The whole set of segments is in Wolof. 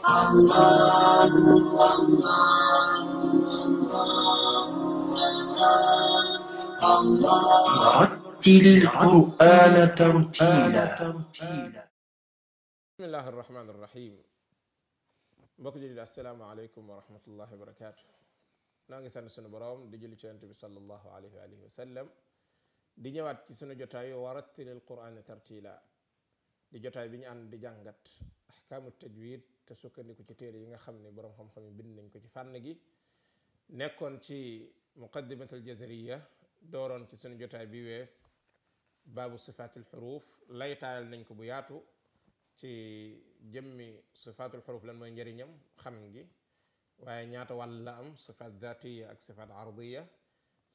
الله الله الله الله رتل القرآن ترتيلا بسم الله الرحمن الرحيم mbokk jullit asalaamaaleykum wa rahmatullahi wa barakaatu naa ngi sant sunu borom di julli ci yonent bi sallallahu alayhi wa alihi wa sallam di ñëwaat ci sunu jotaayu warattilil qur'ana tartila di jotaay bi ñu ànd di jàngat ahkaamu tajwid te sukkandiku ci téere yi nga xam ne boroom xam-xam yi bind nañ ko ci fànn gi nekkoon ci muqaddimatul jazariya dooroon ci suñu jotaay bi wees baabu sifaatil xuruuf laytaayal nañ ko bu yaatu ci jëmmi sifaatul xuruuf lan mooy njëriñam xam gi waaye ñaata wàll la am sifaat daatiya ak sifaat ardiya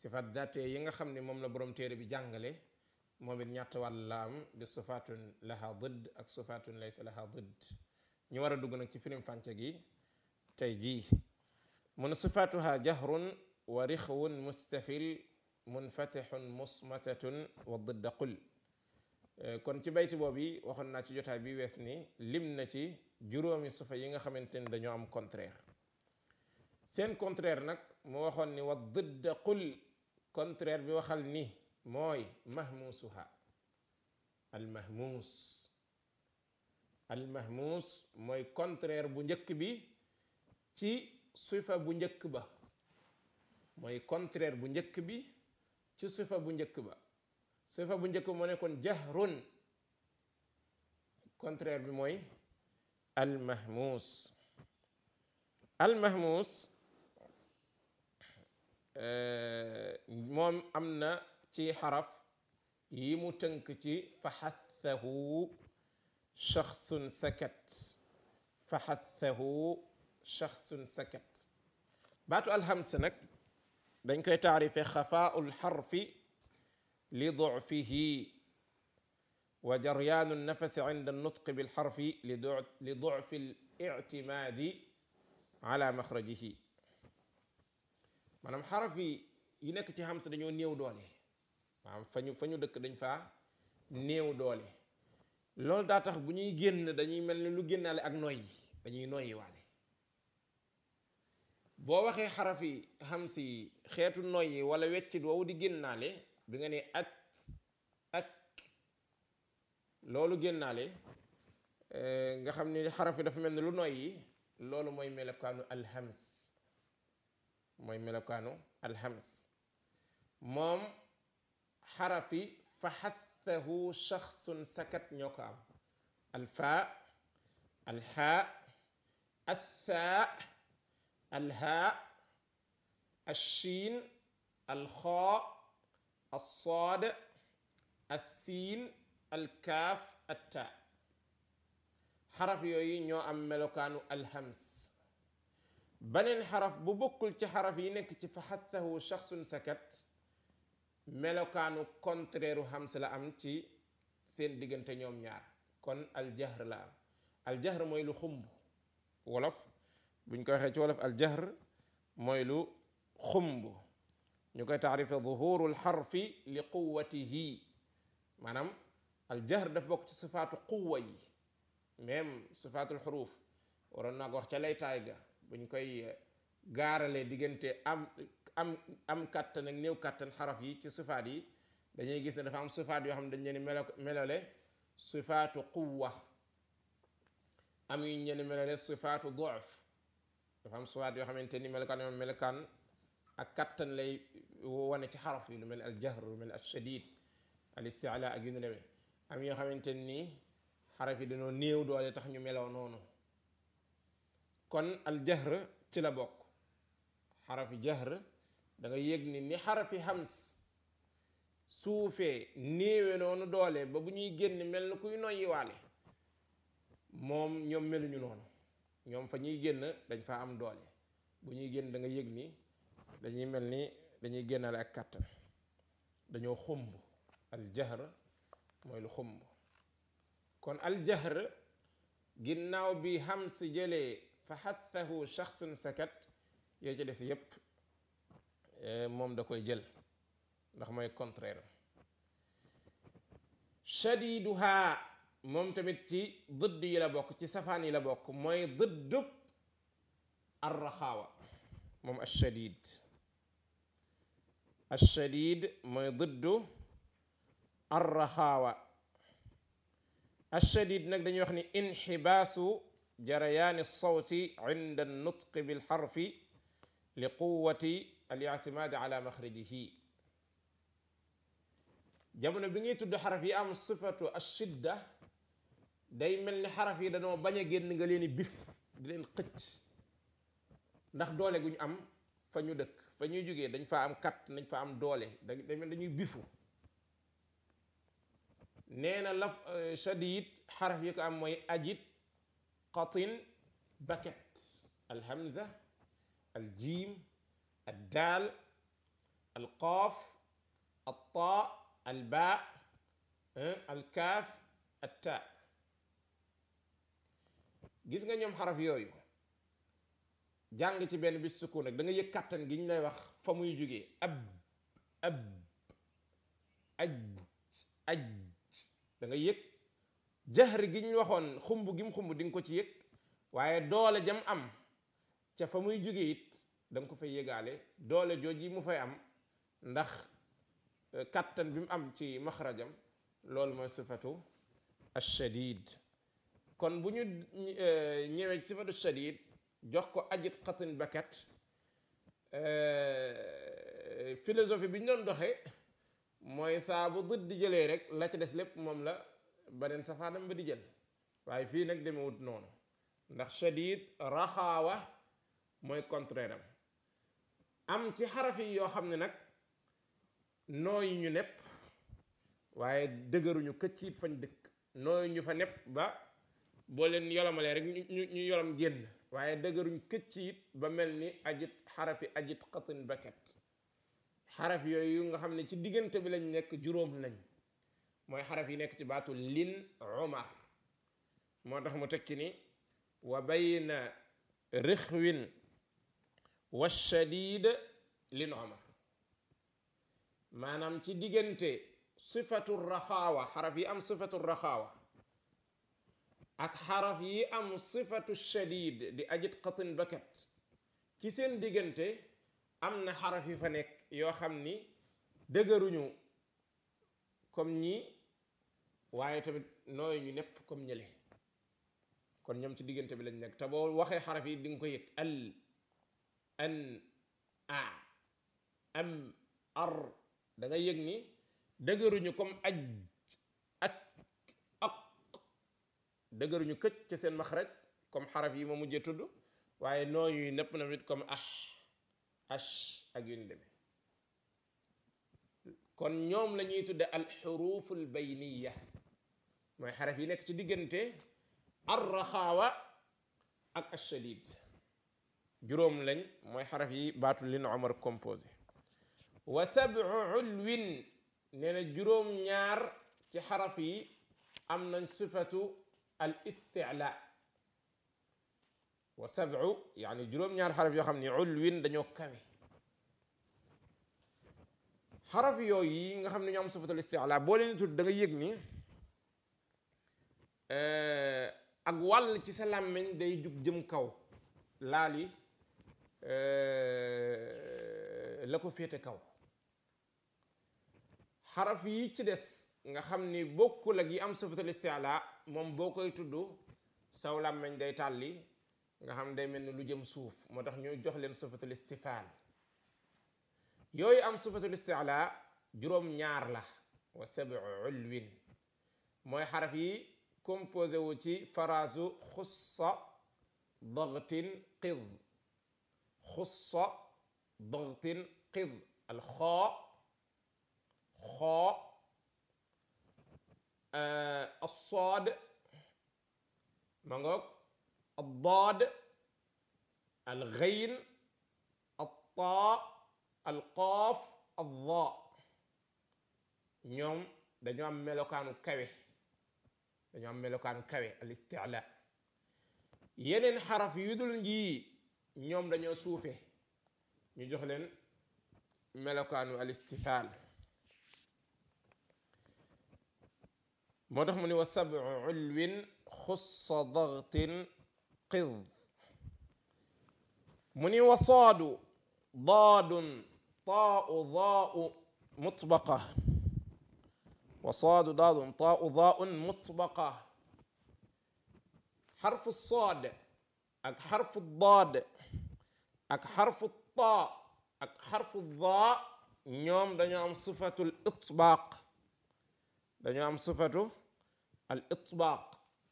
sifaat daatiya yi nga xam ne moom la boroom téere bi jàngale moom it ñett wàll la am di sufaatun laha didd ak sufaatun laysa laha didd ñu war a dugg nag ci firim fànce gi tey jii mun sufaatuha jahrun wa rixwun mustafil munfatixun musmatatun wa didda qul kon ci bayti boobu waxoon naa ci jotaay bi wees ni lim na ci juróomi sufa yi nga xamante ni dañoo am contraire seen contraire nag mu waxoon ni wa didda qul contraire bi waxal ni mooy mahmuusuha almahmuus almahmuus mooy contraire bu njëkk bi ci sifa bu njëkk ba mooy contraire bu njëkk bi ci sifa bu njëkk ba sifa bu njëkk ba moo nekkoon jahrun contraire bi mooy almahmuus almahmuus euh, moom am na تي حرف يمو تنك تي فحثه شخص سكت فحثه شخص سكت باتو الهمسنك دنك تعرف خفاء الحرف لضعفه وجريان النفس عند النطق بالحرف لضعف الاعتماد على مخرجه مانام حرفي ينكتي تي همس دانيو نيو دوليه maanaam fa ñu fa ñu dëkk dañ fa néew doole loolu daa tax bu ñuy génn dañuy mel ni lu génnaale ak noyyi dañuy noyyi waale boo waxee xarafi hamsi yi xeetu noyyi wala weccit woowu di génnaale bi nga ne ak ak loolu génnaale eh, nga xam ni xaraf yi dafa mel ni lu noyyi loolu mooy melokaanu alhams mooy melokaanu alhams moom حرفي فحثه شخص سكت نيوكا الفاء الحاء الثاء الهاء الشين الخاء الصاد السين الكاف التاء حرف يوي نيو ام ملوكانو الهمس بنن حرف بوبوكل تي حرف ينك تي فحثه شخص سكت melokaanu contraire u xams la am ci seen diggante ñoom ñaar kon aljahr la am aljahr mooy lu xumb wolof buñ ko waxee ci wolof aljahr mooy lu xumb ñu koy taarife zuhuru lxarfi li quwatihi maanaam aljahr daf bokk ci sifaatu quwa yi même sifaatul xuruuf waroon naa ko wax ca laytaay ga buñ koy gaaralee diggante am am am kàttan ak néew kàttan xaraf yi ci sifaat yi dañuy gis ne dafa am sifaat yoo xam ne dañ leen melo melole sifaatu quwwa am yu ñu sifaatu doof dafa am sifaat yoo xamante ni melokaan yoo melokaan ak kàttan lay wane ci xaraf yi lu mel al jahr lu mel al shadid al istiala ak yu ñu am yoo xamante nii xaraf yi dañoo néew doole tax ñu meloo noonu kon al jahr ci la bokk xarafi jahr da nga yëg ni ni xarafi hams suufee néewe noonu doole ba bu ñuy génn mel ni kuy noyyiwaale moom ñoom meluñu noonu ñoom fa ñuy génn dañ fa am doole bu ñuy génn danga yëg ni dañuy mel ni dañuy génnale ak kàttan dañoo xumb aljahr mooy lu xumb kon aljahr ginnaaw bi hams jëlee fa xattahu shaxsun sakat yoo ci des yépp موم داكوي جيل داخ موي كونترير شديدها موم تاميت تي ضد يلا بوك تي سفان يلا بوك موي ضد الرخاوه موم الشديد الشديد موي ضد الرخاوه الشديد نك داني وخني انحباس جريان الصوت عند النطق بالحرف لقوه al-i'timaad ala maxrijihi jamono bi ngay tudd xaraf yi am sifatu ashidda day mel ni xaraf yi dañoo bañ a génn nga leen bif di leen xëcc ndax doole gu ñu am fa ñu dëkk fa ñuy jógee dañ fa am kat dañ fa am doole day mel dañuy bifu nee na laf euh, shadid xaraf yi ko am mooy ajid qatin baket alhamza aljiim الدال القاف الطاء الباء الكاaf التاء gis nga ñoom xarab yooyu jàng ci benn bi sukku nag da nga yëg kàttan giñ ñu lay wax fa muy jógee ab ab aj aj da yëg jaxr gi ñu waxoon xumb gi mu xumb ko ci yëg waaye doole jam am ca fa muy dang ko fay yegalé doole joji mu fay am ndax katan bi am ci makhrajam lol moy sifatu ash-shadid kon buñu ñewé ci sifatu shadid jox ko ajit xatin bakat euh philosophie bi don doxé moy sa bu dut jëlé rek la ci dess lépp mom la beneen safaanam ba di jël waaye fii nag demewut non ndax shadid raxaawa moy contraire am ci xaraf yoo xam ne nag nooyu ñu nepp waaye dëgëruñu këcc it fañ dëkk nooyu ñu fa nepp ba boo leen yolomalee rek ñu ñu yolom génn waaye dëgëruñ këcc it ba mel ni ajit xarafi ajit xatin baket xaraf yooyu nga xam ne ci diggante bi lañ nekk juróom lañ mooy xaraf yi nekk ci baatu lin umar moo tax mu tekki ni wa bayna rixwin والشديد lin omar maanaam ci diggante sifatu raxaawa xaraf yi am sifatu raxaawa ak xaraf yi am sifatu shadid di ajit qatin bakat ci seen diggante am na xaraf yu fa nekk yoo xam ni dëgëruñu comme ñi waaye tamit nooyu ñu nepp comme ñële kon ñoom ci diggante bi lañ nekk te boo waxee xaraf yi di nga ko yëg al an a am ar da yëg ni dëgëruñu comme aj ak ak dëgëruñu këcc ci seen maxraj comme xaraf yi ma mujjee tudd waaye nooñuy nepp na nit comme ah ash ak yu ñu demee kon ñoom lañuy ñuy tudde alxurufu albayniya mooy xaraf yi nekk ci diggante arraxaawa ak ashadid juróom lañ mooy xaraf yi baatu lin omar composé wa sabu ulwin nee na juróom ñaar ci xaraf yi am nañ sifatu al istila wa sabu yaani juróom-ñaar xaraf yoo xam ne ulwin dañoo kawe xaraf yooyu yi nga xam ne ñoo am sifatul istila boo leen tudd da nga yëg ni ak wàll ci sa làmmiñ day jug jëm kaw laal yi Euh, la ko féete kaw xaraf yi ci des nga xam ni bokkul ak yi am sifatul isti'la moom boo koy tudd saw làmmeñ day tàlli nga xam day mel ni lu jëm suuf moo tax ñuy jox leen sifatul istifaal yooyu am sifatul isti'la juróom ñaar la wa sab'u ulwin mooy xaraf yi composé wu ci faraasu xussa dagtin qid خص ضغط قض الخاء خاء آه، الصاد مانغوك الضاد الغين الطاء القاف الظاء نيوم دانيو ام ملوكانو كاوي دانيو ام ملوكانو كاوي الاستعلاء يينن حرف يدل جي ñoom dañoo suufe ñu jox leen melokaanu alistifaal moo tax mu ni wa sabu ulwin xussa dagtin qid mu ni wa saadu daadun taau daau mutbaqa wa saadu daadun taau daun mutbaqa xarfu saad ak xarfu daad ak xarfu taa ak xarfu daa ñoom dañoo am sifatu al itbaaq dañoo am sifatu al itbaaq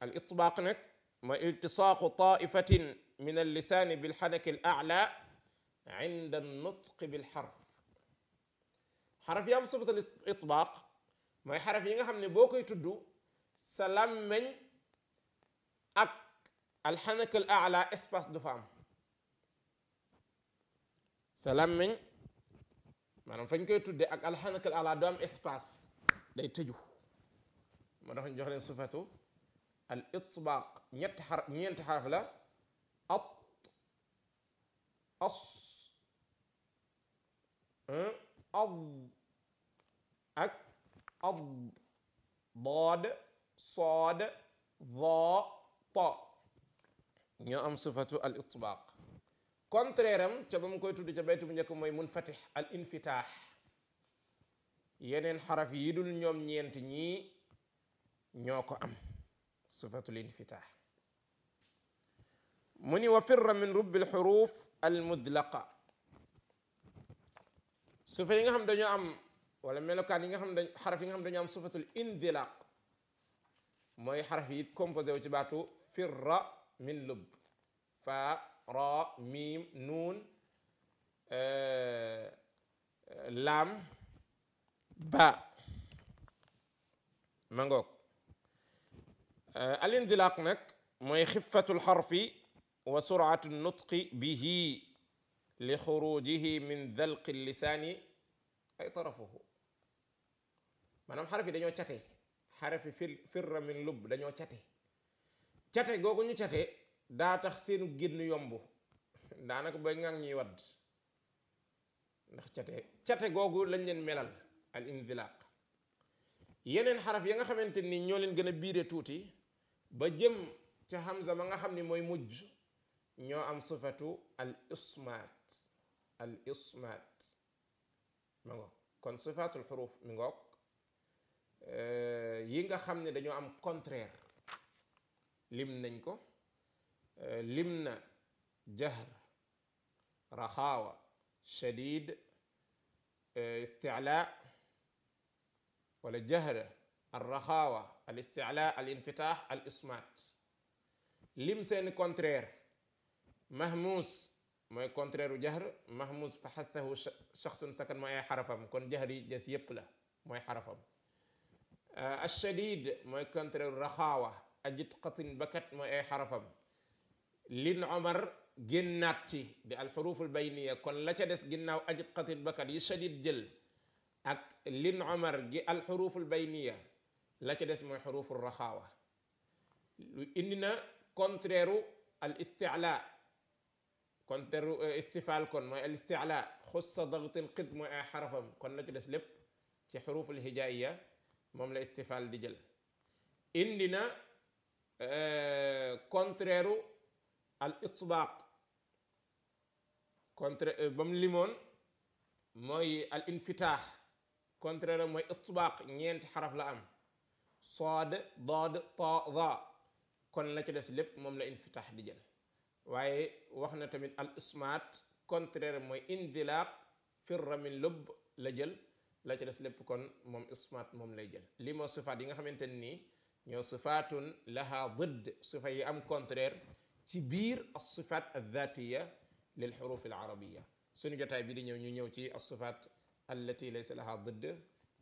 al itbaaq nag ma iltisaaqu taifatin min al lisaani bil xanak al aala inda an nutq bil xarf xaraf yi am sifatu al itbaaq mooy xaraf yi nga xam ne boo koy tudd sa làmmeñ ak al xanak al aala espace du fa am sa làmmiñ maanaam fañ koy tuddee ak alxanakal ala do doom espace day tëju moo tax ñu jox leen sufatu al itbaaq ñetti xar la at as ah, ad ak ad dood sood doo to ñoo am sufatu al itbaaq contraire am ca koy tudd ca baytu bu njëkk mooy munfatih al infitaax yeneen xaraf yi dul ñoom ñeent ñii ñoo ko am sifatul infitaax mu ni wa firra min rubbil xuruuf al mudlaqa sufa yi nga xam dañoo am wala melokaan yi nga xam dañ xaraf yi nga xam dañoo am sifatul indilaq mooy xaraf yi composé wu ci baatu firra min lub راء ميم نون لام باء منغوك الانطلاق نك موي خفة الحرف وسرعة النطق به لخروجه من ذلق اللسان أي طرفه مانام حرفي دانيو تياتي حرفي فر من لب دانيو تياتي تياتي غوغو نيو daa tax seenu génn yomb daanaka ba ngang ñuy wadd ndax cate cate googu lañ leen melal al indilaq yeneen xaraf ya nga xamante nii ñoo leen gën a biire tuuti ba jëm ca hamza ma nga xam ni mooy mujj ñoo am sifatu al ismaat al ismaat ma ngoog kon sifatul xuruf mi ngoog eh, yi nga xam ne dañoo am contraire lim nañ ko لمن جهر رخاوة شديد استعلاء ولا جهر الرخاوة الاستعلاء الانفتاح الاسمات لم سين كونترير مهموس ما كونترير جهر مهموس فحثه شخص سكن ما حرفهم كون جهري جس يبلا ما حرفهم آه، الشديد ما كونترير رخاوة أجد قطن بكت ما حرفهم لين عمر جناتي بالحروف البينية كن لا تدس جناو أجد قتل بكر يشديد جل أك لين عمر جي الحروف البينية لا تدس من حروف الرخاوة إننا كونتريرو الاستعلاء كونتريرو آه، استفال كون ما الاستعلاء خص ضغط القدم حرفهم كون لا تدس لب في حروف الهجائية مم لا استفال دجل إننا آه، كونتريرو al itbaaq contraire euh, ba mu limoon mooy al infitaax contraire mooy itbaaq ñeenti xaraf la am sood dood to za kon la ci des lépp moom la infitaax di jël waaye wax na tamit al ismaat contraire mooy indilaaq firra min lubb la jël la ci des lépp kon moom ismaat moom lay jël li moo yi nga xamante nii ñoo sifaatun laha didd sifa yi am contraire تبير الصفات الذاتية للحروف العربية سنو جتاي بي نيو نيو تي الصفات التي ليس لها ضد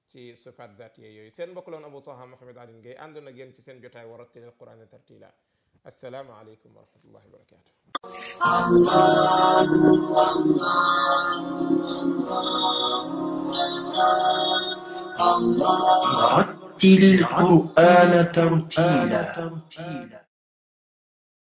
تي صفات ذاتية يوي سن بكلون أبو طه محمد علي نجي عندنا جين تي سن جتاي ورتل القرآن ترتيلا السلام عليكم ورحمة الله وبركاته الله الله الله الله رتل القرآن ترتيلا